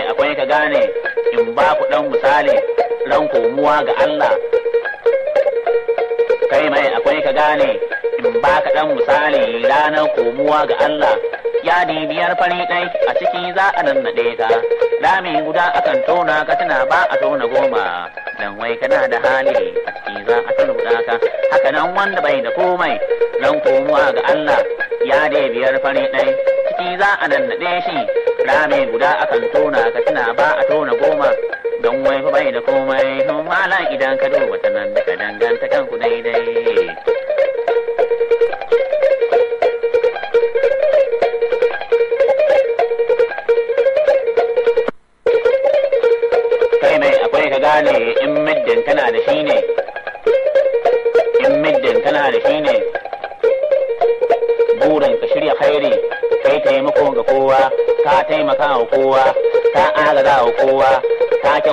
akwai ka gane in ba ku dan misali ran komuwa ga Allah kai mai akwai ka gane in ba ka dan misali ranar komuwa ga Allah ya biyar fari dai a ciki za a nannaɗe ka Lami guda akan tona ka tana ba a tona goma dan wai kana da hali a ciki za a guda ka haka nan wanda bai da komai ran komuwa ga Allah ya biyar fari dai ciki za a nannaɗe shi rami guda akan tona ka tuna ba a tona goma don wai fa bai da komai sun mala idan ka duba ta nan daga danganta kanku daidai kai mai akwai ka gane in middin tana da shi ne in middin tana da shi ne burin ka shirya khairi taimako ga kowa ka taimaka wa kowa ka agaza wa kowa ka